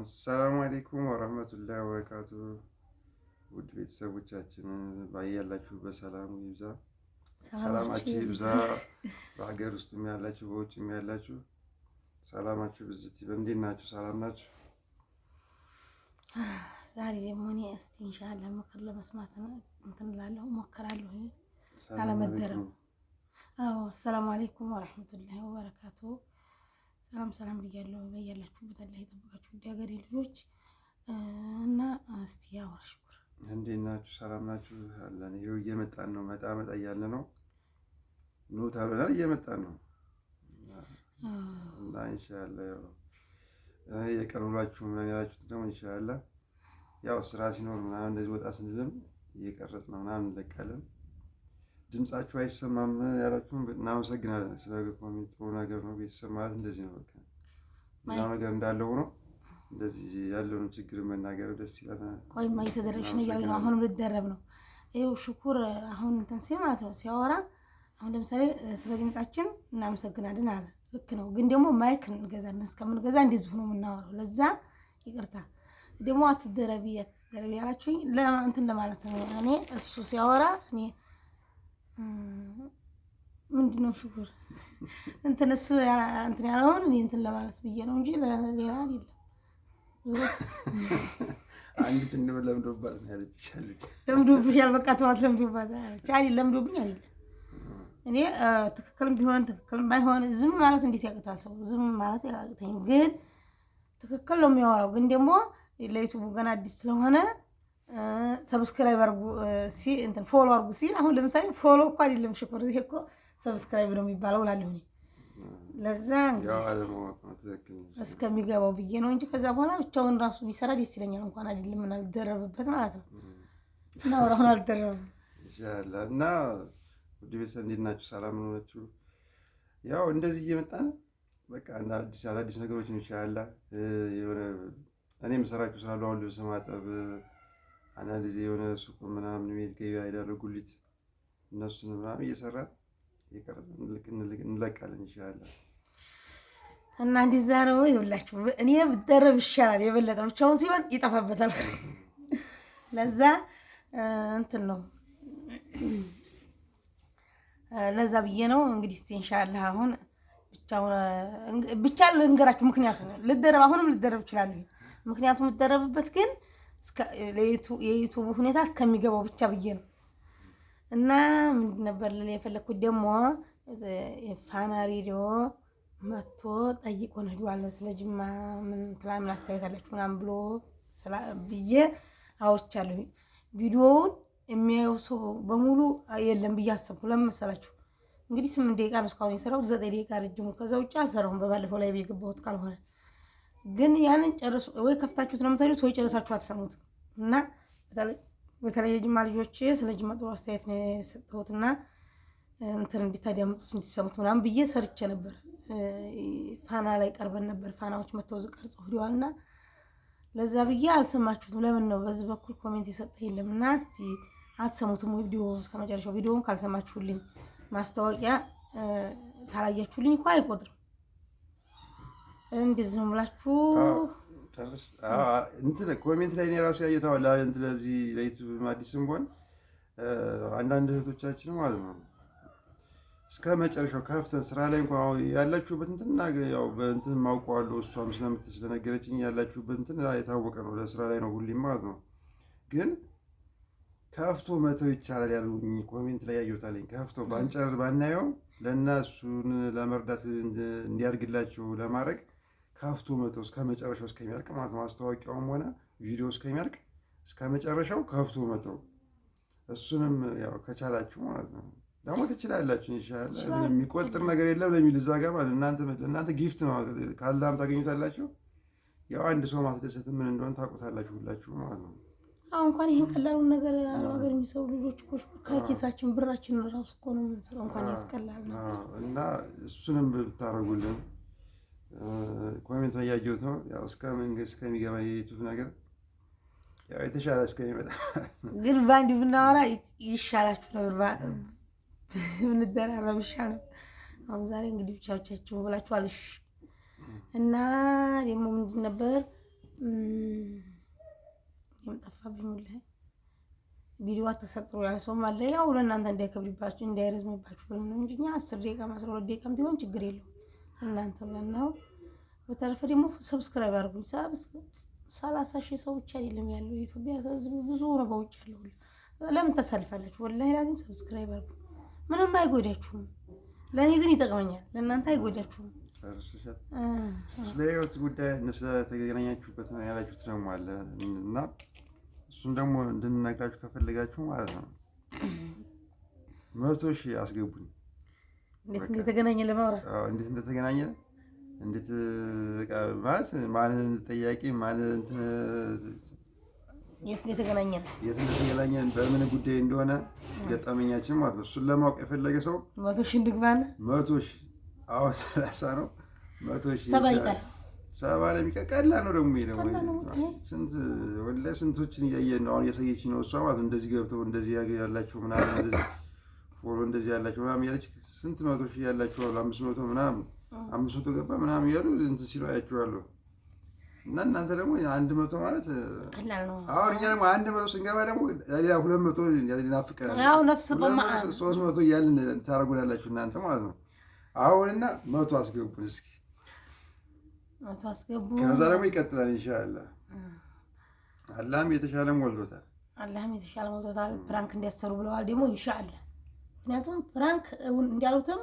አሰላሙ አሌይኩም ወረህመቱላሂ ወበረካቱ። ውድ ቤተሰቦቻችን ባያላችሁ በሰላም ይብዛ፣ ሰላማችሁ ይብዛ። በሀገር ውስጥም ያላችሁ በውጭ ያላችሁ ሰላማችሁ ብዝት እንዴት ናችሁ? ሰላም ናችሁ? ዛሬ ደግሞ እኔ እስቲ ኢንሻአላህ ምክር ለመስማት እንትን እላለሁ እሞክራለሁ። አለመደረም። አዎ። አሰላሙ አሌይኩም ወረህመቱላሂ ወበረካቱ ሰላም ሰላም ብያለሁ። በያላችሁበት አላህ ይጠብቃችሁ ውድ ሀገሬ ልጆች እና እስቲ ያወራ ሽኩር እንዴት ናችሁ? ሰላም ናችሁ? አለን ይኸው እየመጣን ነው። መጣ መጣ እያለ ነው ኑ ተብለን እየመጣን ነው እና ኢንሻአላ የቀረላችሁ ምናምን ያላችሁት ደግሞ ኢንሻአላ ያው ስራ ሲኖር ምናምን እንደዚህ ወጣ ስንልም እየቀረጽ ነው ምናምን እንለቃለን። ድምጻችሁ አይሰማም ያላችሁም እናመሰግናለን። ስለ እግር ጥሩ ነገር ነው። ቤተሰብ ማለት እንደዚህ ነው። በቃ ሌላው ነገር እንዳለው ነው። እንደዚህ ያለውን ችግር መናገር ደስ ይላል። ቆይማ እየተደረግሽ ነው እያለኝ ነው። አሁንም ልደረብ ነው። ይኸው ሽኩር አሁን እንትን ሲል ማለት ነው ሲያወራ አሁን ለምሳሌ ስለ ድምጻችን እናመሰግናለን አለ። ልክ ነው፣ ግን ደግሞ ማይክ እንገዛለን። እስከምንገዛ እንደዚህ ሆኖ የምናወራው ለዛ ይቅርታ ደግሞ አትደረቢ አትደረቢ ያላችሁኝ ለእንትን ለማለት ነው። እኔ እሱ ሲያወራ እኔ ምንድን ነው ሽኩር እንትን እሱ እንትን ያለውን እኔ እንትን ለማለት ብዬ ነው እንጂ ሌላ አይደለም። አንድ ለምዶባት ነው ያለች። ለምዶብሻል፣ በቃ ተዋት። ለምዶባት ቻሊ ለምዶብኝ አይደለም። እኔ ትክክልም ቢሆን ትክክልም ባይሆን ዝም ማለት እንዴት ያቅታል? ሰው ዝም ማለት ያቅተኝ፣ ግን ትክክል ነው የሚያወራው። ግን ደግሞ ለዩቱቡ ገና አዲስ ስለሆነ ሰብስክራይብ አርጉ ሲል እንትን ፎሎ አርጉ ሲል፣ አሁን ለምሳሌ ፎሎ እኮ አይደለም ሽኩር፣ ይሄ እኮ ሰብስክራይብ ነው የሚባለው እላለሁ እኔ። ለዛ እስከሚገባው ብዬ ነው እንጂ ከዛ በኋላ ብቻውን ራሱ ቢሰራ ደስ ይለኛል። እንኳን አይደለም ምን አልደረብበት ማለት ነው እና ወራሁን አልደረብም እና ውድ ቤተሰብ እንዴት ናችሁ? ሰላም ሆናችሁ? ያው እንደዚህ እየመጣ በቃ እና አዲስ አዳዲስ ነገሮች ይሻላል። የሆነ እኔ የምሰራችሁ ስላሉ አሁን ልብስ ማጠብ አንዳንድ ጊዜ የሆነ ሱቁ ምናምን ቤት ገቢ ያደረጉልት እነሱን ምናምን እየሰራን እንለቃለን። ይሻላል እና እንዲዛ ነው ይሁላችሁ። እኔ ብደረብ ይሻላል የበለጠ ብቻውን ሲሆን ይጠፋበታል። ለዛ እንትን ነው ለዛ ብዬ ነው እንግዲህ እስቲ ኢንሻአላህ አሁን ብቻ ልንገራችሁ ምክንያቱ ልደረብ አሁንም ልደረብ ይችላል። ምክንያቱም ልደረብበት ግን የዩቱብ ሁኔታ እስከሚገባው ብቻ ብዬ ነው። እና ምንድን ነበር ልል የፈለግኩት ደግሞ ፋና ሬዲዮ መጥቶ ጠይቆ ነዷለ ስለ ጅማ ምን ትላምን አስተያየት አላችሁ ምናምን ብሎ ብዬ አወቻለሁ። ቪዲዮውን የሚያየው ሰው በሙሉ የለም ብዬ አሰብኩ። ለምን መሰላችሁ? እንግዲህ ስምንት ደቂቃ ነው እስካሁን የሰራሁት፣ ዘጠኝ ደቂቃ ረጅሙ። ከዛ ውጭ አልሰራሁም። በባለፈው ላይ የገባሁት ካልሆነ ግን ያንን ጨርሶ ወይ ከፍታችሁት ነው የምታዩት ወይ ጨርሳችሁ አትሰሙት እና በተለይ የጅማ ልጆች ስለ ጅማ ጥሩ አስተያየት ነው የሰጠሁት እና እንትን እንዲታዳምጡት እንዲሰሙት ምናምን ብዬ ሰርቼ ነበር። ፋና ላይ ቀርበን ነበር። ፋናዎች መተው ዝቀርጽ ሂደዋል እና ለዛ ብዬ አልሰማችሁትም። ለምን ነው በዚህ በኩል ኮሜንት የሰጠ የለም እና እስቲ አትሰሙትም ወይ ቪዲዮ እስከመጨረሻው ቪዲዮውን ካልሰማችሁልኝ ማስታወቂያ ካላያችሁልኝ እኮ አይቆጥርም እንደዚህ ነው ምላችሁ? እንትን ኮሜንት ላይ እኔ እራሱ ያየተዋል እንትን ለዚህ ለዩቱብ አዲስም እንኳን አንዳንድ እህቶቻችን ማለት ነው እስከ መጨረሻው ከፍተን ስራ ላይ እንኳን ያላችሁበት እንትና ያው በእንትን ማውቀዋለሁ እሷም ስለምት ስለነገረችኝ ያላችሁበት እንትን የታወቀ ነው። ለስራ ላይ ነው ሁሌም ማለት ነው። ግን ከፍቶ መተው ይቻላል ያሉኝ ኮሜንት ላይ ያየሁታለኝ። ከፍቶ ባንጨር ባናየው ለእነሱን ለመርዳት እንዲያድግላቸው ለማድረግ ከፍቶ መቶ እስከ መጨረሻው እስከሚያልቅ ማለት ማስታወቂያውም ሆነ ቪዲዮ እስከሚያልቅ እስከ መጨረሻው ከፍቶ መተው። እሱንም ያው ከቻላችሁ ማለት ነው። ደግሞ ትችላላችሁ ይሻላል። የሚቆጥር ነገር የለም ለሚል እዛ ጋር ማለት እናንተ ጊፍት ነው ካላም ታገኙታላችሁ። ያው አንድ ሰው ማስደሰት ምን እንደሆነ ታውቁታላችሁ ሁላችሁ ማለት ነው። አሁን እንኳን ይህን ቀላሉን ነገር ሀገር የሚሰሩ ልጆች እኮ ከኪሳችን ብራችንን ራሱ እኮ ነው የምንስለው እንኳን ያስቀላል እና እሱንም ብታደርጉልን ኮሜንት እያየሁት ነው። ያው እስከ መንግስት ከሚገባ የዩቱብ ነገር ያው የተሻለ እስከሚመጣ ግን በአንድ ብናወራ ይሻላችሁ ነበር፣ ብንደራረብ ይሻል ነበር። አሁን ዛሬ እንግዲህ ብቻዎቻችሁ ብላችኋል። እሺ እና ደግሞ ምንድን ነበር የምጠፋብኝ ሁላ ቪዲዮ ተሰጥሮ ያለ ሰውም አለ። ያው ለእናንተ እንዳይከብድባችሁ እንዳይረዝምባችሁ ብለን ነው እንጂ እኛ አስር ደቂቃ አስራ ሁለት ደቂቃም ቢሆን ችግር የለውም። እናንተ ብለን በተረፈ ደግሞ ሰብስክራይብ አድርጉኝ። ሰላሳ ሺህ ሰው ብቻ አይደለም ያለው የኢትዮጵያ ሕዝብ ብዙ ነው በውጭ ያለው። ለምን ተሰልፋለች? ወላሂ ላዚም ሰብስክራይብ አድርጉኝ። ምንም አይጎዳችሁም። ለእኔ ግን ይጠቅመኛል፣ ለእናንተ አይጎዳችሁም። ስለ ህይወት ጉዳይ ስለተገናኛችሁበት ያላችሁት ደግሞ አለ እና እሱን ደግሞ እንድንነግራችሁ ከፈለጋችሁ ማለት ነው መቶ ሺህ አስገቡኝ። እንዴት እንደተገናኘን ለማውራት እንዴት እንዴት ማለት ማን ጠያቂ ማን እንትን የት የት በምን ጉዳይ እንደሆነ ገጠመኛችን ማለት ነው። እሱን ለማወቅ የፈለገ ሰው መቶ ሺህ እንድግባና መቶ ሺህ አሁን ሰላሳ ነው። መቶ ሺህ ሰባ ይቀር ሰባ ነው ቀላል ነው ደግሞ ስንት ወለ ስንቶችን እያየን ነው። አሁን እያሳየች ነው እሷ ማለት እንደዚህ ገብተው እንደዚህ ያላቸው ምናምን ፎሎ እንደዚህ ያላቸው ምናምን ያለች ስንት መቶ ሺህ ያላቸው አምስት መቶ ምናምን አምስት መቶ ገባ ምናምን እያሉ እንትን ሲሉ አያቸዋለሁ። እና እናንተ ደግሞ አንድ መቶ ማለት አሁን እኛ ደግሞ አንድ መቶ ስንገባ ደግሞ ሌላ ሁለት መቶ ናፍቀናል። ሶስት መቶ እያልን ታደርጉናላችሁ እናንተ ማለት ነው። አሁን አሁንና መቶ አስገቡን እስኪ መቶ አስገቡ። ከዛ ደግሞ ይቀጥላል እንሻላ። አላህም የተሻለ ሞልቶታል። አላህም የተሻለ ሞልቶታል። ፕራንክ እንዲያሰሩ ብለዋል ደግሞ ኢንሻላህ ምክንያቱም ፕራንክ እንዲያሉትም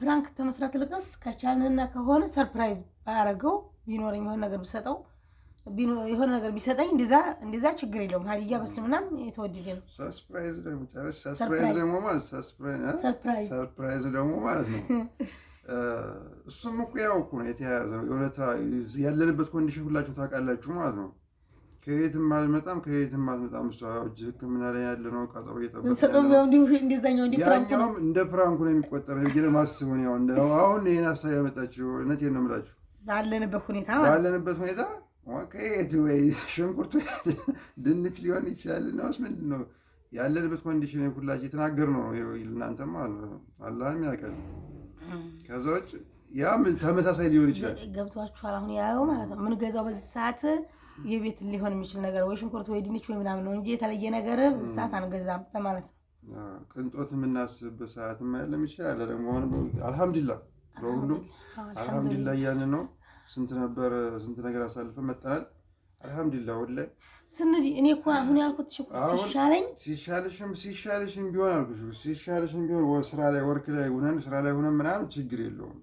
ፕራንክ ተመስራት ልቅስ ከቻልንና ከሆነ ሰርፕራይዝ ባያረገው ቢኖረኝ የሆነ ነገር ብሰጠው የሆነ ነገር ቢሰጠኝ እንደዛ ችግር የለውም። ሀዲያ በእስልምናም የተወደደ ነው። ሰርፕራይዝ ደግሞ ማለት ነው። እሱም እኮ ያው እኮ ነው የተያያዘ ያለንበት ኮንዲሽን ሁላችሁ ታውቃላችሁ ማለት ነው። ከየትም አልመጣም ከየትም አትመጣም። እሷ እጅ ሕክምና ላይ ያለ ነው ቀጠሮ እየጠበቀ እንደ ፕራንኩ ነው የሚቆጠር ነው ማስቡን ያው እንደ አሁን ይህን ሀሳብ ያመጣችው እውነቴን ነው የምላችሁ ባለንበት ሁኔታ ባለንበት ሁኔታ ከየት ወይ ሽንኩርት ድንች ሊሆን ይችላል እና ውስጥ ምንድን ነው ያለንበት ኮንዲሽን ሁላችሁ የተናገርነው ነው። እናንተማ አላህም ያውቃል። ከዛ ውጭ ያም ተመሳሳይ ሊሆን ይችላል። ገብቷችኋል? አሁን ያው ማለት ነው ምን ገዛው በዚህ ሰዓት የቤት ሊሆን የሚችል ነገር ወይ ሽንኩርት ወይ ድንች ወይ ምናምን ነው እንጂ የተለየ ነገር እሳት አንገዛም ለማለት ነው። ቅንጦት የምናስብበት ሰዓት የማያለም ይችላል። ደግሞ አልሐምዱላ በሁሉም አልሐምዱላ እያን ነው። ስንት ነበር ስንት ነገር አሳልፈን መጠናል። አልሐምዱላ ወላሂ ስንዲ እኔ እኮ አሁን ያልኩት ሲሻለኝ ሲሻለሽም ሲሻለሽም ቢሆን አልኩሽ ሲሻለሽም ቢሆን ስራ ላይ ወርክ ላይ ሆነን ስራ ላይ ሆነን ምናምን ችግር የለውም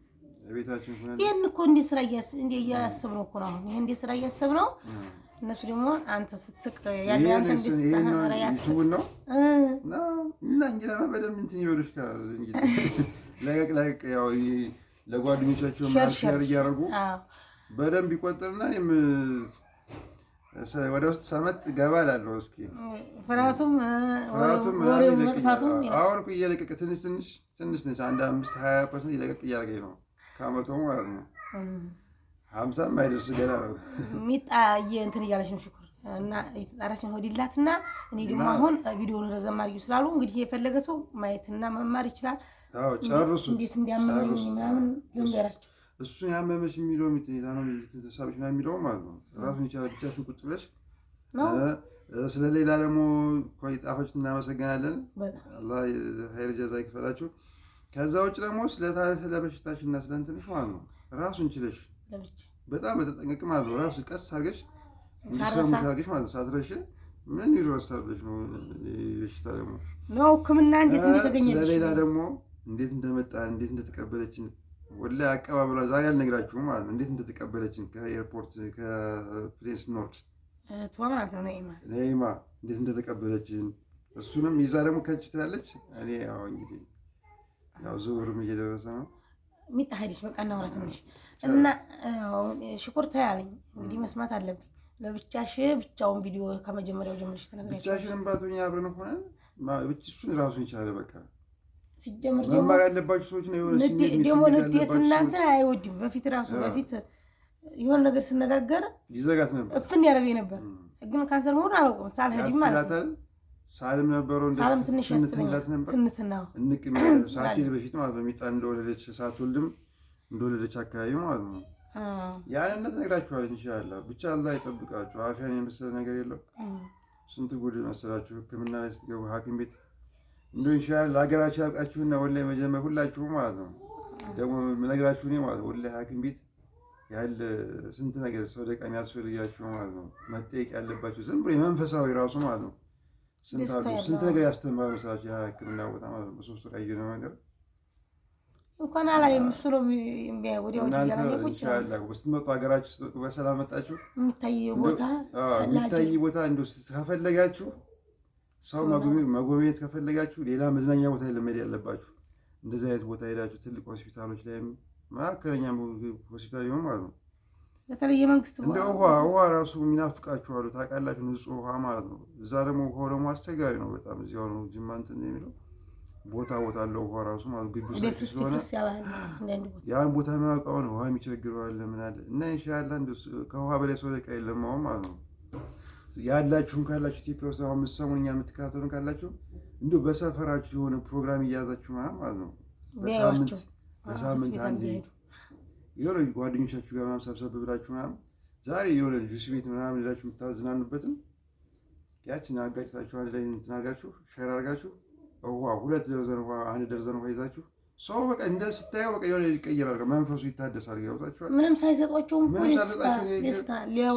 ይህን እኮ እንዴት ስራ እያሰብነው እኮ ነው። አሁን ይህ እንዴት ስራ ነው። እነሱ ደግሞ አንተ ስትስቅ ያለ ነው እና እንጀራ በደንብ እንትን ይበሉሽ ለቀቅ ያው ለጓደኞቻቸው እያደረጉ በደንብ ይቆጥርና እኔም ወደ ውስጥ ሰመጥ ገባ እላለሁ። እስኪ ፍርሃቱም አሁን እየለቀቀ ትንሽ ትንሽ ትንሽ ትንሽ አንድ አምስት ሀያ ፐርሰንት እየለቀቅ እያደረገኝ ነው ከአመቶ ማለት ነው። ሀምሳ አይደርስ ገና ነው። ሚጣ እንትን እያለች ነው ሽኩር እና የተጣራች ነው ሆዲላት እና እኔ ደግሞ አሁን ቪዲዮን ረዘም አድርጊው ስላሉ እንግዲህ የፈለገ ሰው ማየትና መማር ይችላል። ጨርሱ እንዴት እንዲያመመኝ ምናምን ልንገራቸው። እሱን ያመመች የሚለው ዛ ነው ተሳቢች ና የሚለው ማለት ነው። ራሱን ይቻላል። ብቻሽን ቁጭ ብለሽ ስለሌላ ደግሞ ጣፎች እናመሰግናለን። አላህ ኸይር ጀዛ ይክፈላችሁ። ከዛ ውጭ ደግሞ ስለበሽታሽ እና ስለ እንትንሽ ማለት ነው ራሱን ችለሽ በጣም በተጠንቀቅ ማለት ነው ራሱ ቀስ አድርገሽ እንዲሰሙሽ አድርገሽ ማለት ነው። ሳትረሽ ምን ይረሳል ብለሽ ነው በሽታ ደግሞ ነው ሕክምና እንዴት እንደተገኘልሽ ስለሌላ ደግሞ እንዴት እንደመጣ እንዴት እንደተቀበለችን ወላ አቀባበሏ ዛሬ አልነግራችሁም ማለት ነው። እንዴት እንደተቀበለችን ከኤርፖርት ከፕሌንስ ኖርድ ነይማ እንዴት እንደተቀበለችን እሱንም ይዛ ደግሞ ከች ትላለች። እኔ ያው እንግዲህ ያው ዙሁርም እየደረሰ ነው። ሚጣ ሄደች። በቃ እናውራ ትንሽ እና ሽኩር ተያለኝ እንግዲህ መስማት አለብኝ። ለብቻሽ ብቻውን ቪዲዮ ከመጀመሪያው ጀምረሽ ተነግረሽ ብቻሽንም ባትሆኝ አብረን ሆነን እሱን ራሱን ይቻለ በቃ ሲጀምር መማር ያለባችሁ ሰዎች ነው። የሆነ ደግሞ ንዴት እናንተ አይወድም። በፊት ራሱ በፊት የሆነ ነገር ስነጋገር ይዘጋት ነበር፣ እፍን ያደረገኝ ነበር። ግን ካንሰር መሆኑን አላውቅም ሳልሄድም ማለት ነው ሳልም ነበረው ሳልም ትንሽ ያስበኛል። ትንትና እንቅ ሳትል በፊት ማለት ነው። ሚጣ እንደወለደች ሳትወልድም እንደወለደች አካባቢ ማለት ነው። ያንነት ነግራችኋል። ኢንሻላህ ብቻ አላህ ይጠብቃችሁ። አፍያን የመሰለ ነገር የለው። ስንት ጉድ መሰላችሁ ሕክምና ላይ ስትገቡ ሐኪም ቤት እንዶ ኢንሻላህ ለሀገራችሁ ያብቃችሁና ወላሂ መጀመር ሁላችሁ ማለት ነው። ደግሞ ነግራችሁ እኔ ማለት ነው ወላሂ ሐኪም ቤት ያለ ስንት ነገር ሰው ደቃ የሚያስፈልጋችሁ ማለት ነው። መጠየቅ ያለባችሁ ዝም ብሎ የመንፈሳዊ ራሱ ማለት ነው ስንት ነገር ያስተምራል መሰላችሁ ያ ሕክምና ቦታ ማለት ነው። በሶስት ላይ የሆነ ነገር እንኳን አላይ ምስሉ እምቢያ ሀገራችሁ ወዲያ ስትመጡ በሰላም መጣችሁ። የሚታይ ቦታ የሚታይ ቦታ እንደው ከፈለጋችሁ ሰው መጎብኘት ከፈለጋችሁ ሌላ መዝናኛ ቦታ ለመሄድ ያለባችሁ እንደዚህ አይነት ቦታ ሄዳችሁ ትልቅ ሆስፒታሎች ላይ መካከለኛ ሆስፒታል ይሆን ማለት ነው በተለይ የመንግስት ውሃ ውሃ ውሃ ራሱ የሚናፍቃችኋሉ ታውቃላችሁ፣ ንጹህ ውሃ ማለት ነው። እዛ ደግሞ ውሃው ደግሞ አስቸጋሪ ነው በጣም እዚህ ሆነ ጅማ እንትን የሚለው ቦታ ቦታ አለው ውሃ ራሱ ማለት ግቢ ሰፊ ስለሆነ ያን ቦታ የሚያውቀውን ውሃ አለ ምን አለ እና ኢንሻአላ ከውሃ በላይ ሰው ደቃ የለም አሁን ማለት ነው። ያላችሁን ካላችሁ ኢትዮጵያ ውስጥ አሁን የምትሰሙን እኛ የምትከታተሉን ካላችሁ እንዲሁ በሰፈራችሁ የሆነ ፕሮግራም እያያዛችሁ ማለት ነው በሳምንት በሳምንት አንዴ የሆነ ጓደኞቻችሁ ጋር ምናምን ሰብሰብ ብላችሁ ምናምን ዛሬ የሆነ ጁስ ቤት ምናምን ሄዳችሁ የምታዝናኑበትን ያችን አጋጭታችሁ አንድ ላይ እንትን አድርጋችሁ ሸር አድርጋችሁ ውሃ ሁለት ደርዘን ውሃ አንድ ደርዘን ውሃ ይዛችሁ ሰው በቃ እንደ ስታየው በቃ የሆነ ይቀየራል። መንፈሱ ይታደሳል። ገብቷችኋል? ምንም ሳይሰጧቸውም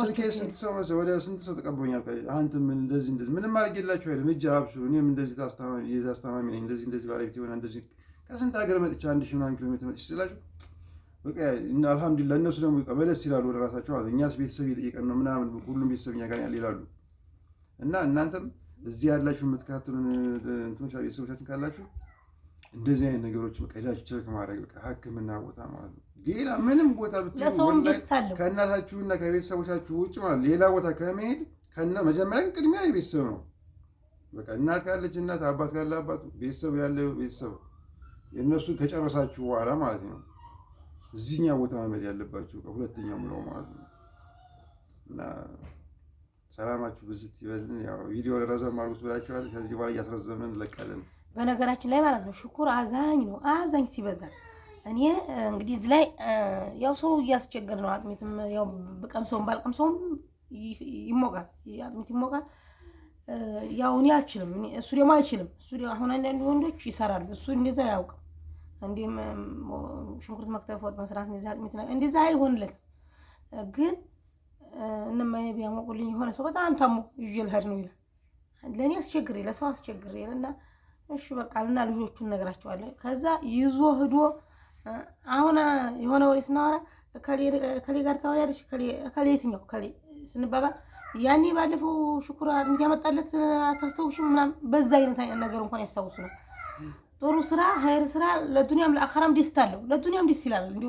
ስልኬ ስንት ሰው መሰለህ ወደ ስንት ሰው ተቀብሎኛል። አንተ ምን እንደዚህ እንደዚህ ምንም አድርጌላችሁ አይደለም እጅ አብሱ እኔም እንደዚህ ታስታማሚ የዚህ አስታማሚ ነኝ እንደዚህ እንደዚህ ባለቤት የሆነ እንደዚህ ከስንት ሀገር መጥቼ አንድ ሺህ ምናምን ኪሎ ሜትር መጥቼ ስላችሁ አልሐምዱሊላህ እነሱ ደግሞ መለስ ይላሉ ወደ ራሳቸው ማለት እኛስ ቤተሰብ እየጠየቀን ነው ምናምን ሁሉም ቤተሰብ እኛ ጋር ያለ ይላሉ። እና እናንተም እዚህ ያላችሁ የምትካትሉን እንትኖች ቤተሰቦቻችን ካላችሁ እንደዚህ አይነት ነገሮች ቀዳችሁ ቸክ ማድረግ በቃ ሕክምና ቦታ ማለት ነው። ሌላ ምንም ቦታ ከእናታችሁና ከቤተሰቦቻችሁ ውጭ ማለት ሌላ ቦታ ከመሄድ መጀመሪያ ቅድሚያ የቤተሰብ ነው። በቃ እናት ካለች እናት፣ አባት ካለ አባት፣ ቤተሰብ ያለ ቤተሰብ እነሱ ከጨረሳችሁ በኋላ ማለት ነው እዚህኛ ቦታ መመድ ያለባችሁ ከሁለተኛ ምለው ማለት ነው። እና ሰላማችሁ ብዝት ይበልን። ያው ቪዲዮ ረዘም አድርጉት ብላችኋል። ከዚህ በኋላ እያስረዘምን እንለቃለን። በነገራችን ላይ ማለት ነው ሽኩር አዛኝ ነው። አዛኝ ሲበዛ እኔ እንግዲህ እዚህ ላይ ያው ሰው እያስቸገር ነው። አጥሚትም ያው ብቀምሰውም ባልቀምሰውም ይሞቃል፣ አጥሚት ይሞቃል። ያው እኔ አልችልም፣ እሱ ደግሞ አይችልም። እሱ አሁን አንዳንድ ወንዶች ይሰራሉ፣ እሱ እንደዛ አያውቅም። እንዲህም ሽንኩርት መክተፍ ወጥ መስራት እንደዚህ አጥሚት ነው እንደዚህ አይሆንለትም። ግን እነማዬ ቢያሞቁልኝ የሆነ ሰው በጣም ታሞ ይዤ ልሄድ ነው ይላል። ለእኔ አስቸግሬ ለሰው አስቸግሬ እና እሺ በቃ ልና ልጆቹን እነግራቸዋለሁ። ከዛ ይዞ ህዶ አሁን የሆነ ወሬ ስናወራ ከሌ ጋር ታወሪያለሽ ከሌ የትኛው ከሌ ስንባባል ያኔ ባለፈው ሽኩር አጥሚት ያመጣለት አታስታውሽም ምናምን በዛ አይነት ነገር እንኳን ያስታውሱናል። ጥሩ ስራ ሀይር ስራ ለዱንያም ለአኸራም ደስታ አለው። ለዱንያም ደስ ይላል። እንዲ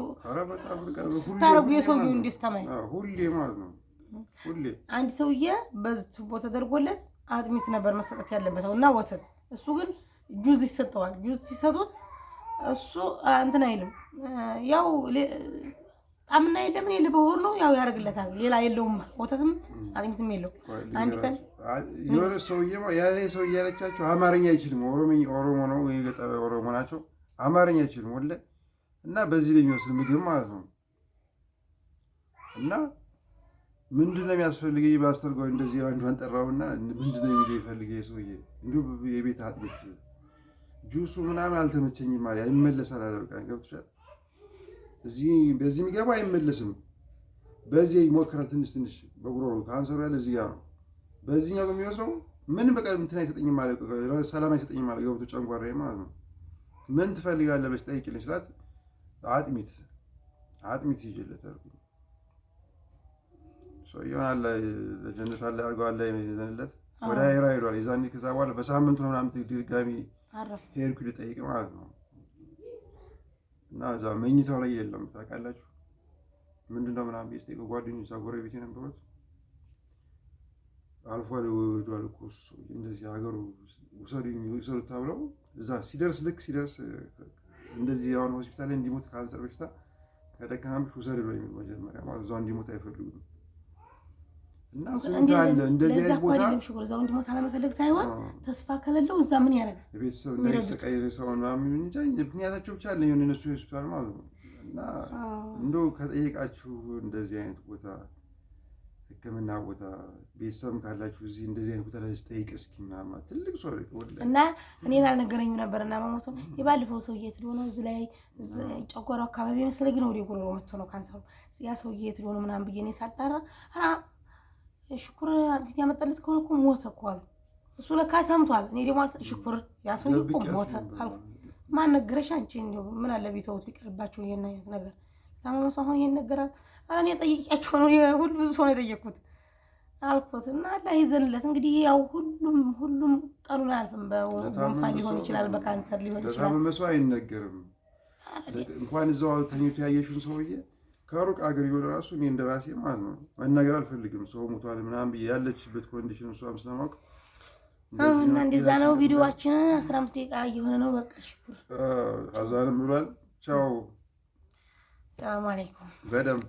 ስታረጉ የሰውዬውን ደስታ ማየት ሁሌ ማለት ነው። ሁሌ አንድ ሰውዬ በቱቦ ተደርጎለት አጥሚት ነበር መሰጠት ያለበት እና ወተት፣ እሱ ግን ጁዝ ይሰጠዋል። ጁዝ ሲሰጡት እሱ እንትን አይልም። ያው ጣምና የለምን የለ በሆነው ያው ያደርግለታል። ሌላ የለውም፣ ወተትም አጥሚትም የለው። አንድ ቀን የሆነ ሰውዬ ይሄ ሰው እያለቻቸው አማርኛ አይችልም፣ ኦሮሞ ነው ወይ ገጠር ኦሮሞ ናቸው። አማርኛ አይችልም ወለ እና በዚህ ላይ የሚወስድ ምግብ ማለት ነው። እና ምንድን ነው የሚያስፈልገኝ? በአስተርጓሚ እንደዚህ አንዷን ጠራውና ምንድን ነው የሚለው ይፈልገ ሰውዬ እንዲሁ የቤት አጥቤት ጁሱ ምናምን አልተመቸኝም አለ። ይመለሳል አለበቃ ገብቶሻል። በዚህ የሚገባ አይመለስም። በዚህ ይሞክራል ትንሽ ትንሽ በጉሮሮ ካንሰሩ ያለ እዚህ ጋር ነው በዚህኛው ግን የሚወስደው ምን በቃ እንትን አይሰጠኝም ማለት ሰላም አይሰጠኝም ማለት ገብቶ ጨንጓራዬ ማለት ነው። ምን ትፈልጋለህ በሽ ጠይቅልኝ ስላት አጥሚት አጥሚት ይዤለት አልኩኝ። ሰውየውን አለ ለጀነት አለ አድርገው አለ ይዘንለት ወደ አይራ ሄዷል። የዛኔ ከዛ በኋላ በሳምንቱ ነው ምናምን ድጋሚ ሄድኩ ልጠይቅ ማለት ነው። እና እዛ መኝታው ላይ የለም ታውቃላችሁ ምንድነው ምናምን ቤስ ጓደኞች እዛ ጎረቤቴ ነበሩት አልፏል ወዷል እኮ እሱ እንደዚህ ሀገሩ ውሰዱኝ ውሰዱ ተብለው እዛ ሲደርስ ልክ ሲደርስ እንደዚህ አሁን ሆስፒታል እንዲሞት ካንሰር በሽታ ከደካማሽ ውሰድ ነው የሚል መጀመሪያ ማለት እዛው እንዲሞት አይፈልጉም። እና ስንት እንደዚህ አይነት ቦታ እዛው እንዲሞት አለመፈለግ ሳይሆን ተስፋ ከሌለው እዛ ምን ያደርጋል? ቤተሰብ ሰው ምናምን እንጃ ምክንያታቸው ብቻ አለ የሆነ እነሱ ሆስፒታል ማለት ነው። እና እንደው ከጠየቃችሁ እንደዚህ አይነት ቦታ ህክምና ቦታ ቤተሰብም ካላችሁ እዚህ እንደዚህ አይነት ቦታ ላይ ስጠይቅ እስኪ ምናምን ትልቅ ሰው እና እኔን አልነገረኝም ነበር እና መሞቶ የባለፈው ሰውዬ የት ሆኖ እዚህ ላይ ጨጓራው አካባቢ መሰለኝ ግን ወደ ጉሮሮ መጥቶ ነው ካንሰሩ። ያ ሰውዬ የት ሆኖ ምናምን ብዬ እኔ ሳጣራ ሽኩር አግኝት ያመጣለት ከሆነ እኮ ሞተ እኮ አሉ። እሱ ለካ ሰምቷል። እኔ ደግሞ ሽኩር ያ ሰውዬ እኮ ሞተ አልኩ። ማን ነገረሽ አንቺ? እንደው ምን አለ ቤተውት ቢቀርባቸው ይህን አይነት ነገር ታማመሰ አሁን ይሄን ነገራል ኧረ እኔ ጠይቂያቸው ነው ሁሉ ብዙ ሰው ነው የጠየቅኩት አልኩት እና አላህ ይዘንለት እንግዲህ ያው ሁሉም ሁሉም ቀኑን አያልፍም። በጉንፋን ሊሆን ይችላል፣ በካንሰር ሊሆን ይችላል። መመሱ አይነገርም። እንኳን እዛው ተኝቶ ያየሽውን ሰውዬ ከሩቅ አገር ቢሆን ራሱ እኔ እንደ ራሴ ማለት ነው መናገር አልፈልግም። ሰው ሙቷል ምናምን ብዬ ያለችበት ኮንዲሽን እሷም ስለማውቅ እና እንደዛ ነው። ቪዲዮዋችን አስራ አምስት ደቂቃ እየሆነ ነው። በቃ ሽኩር አዛንም ብሏል። ቻው ሰላም አለይኩም በደንብ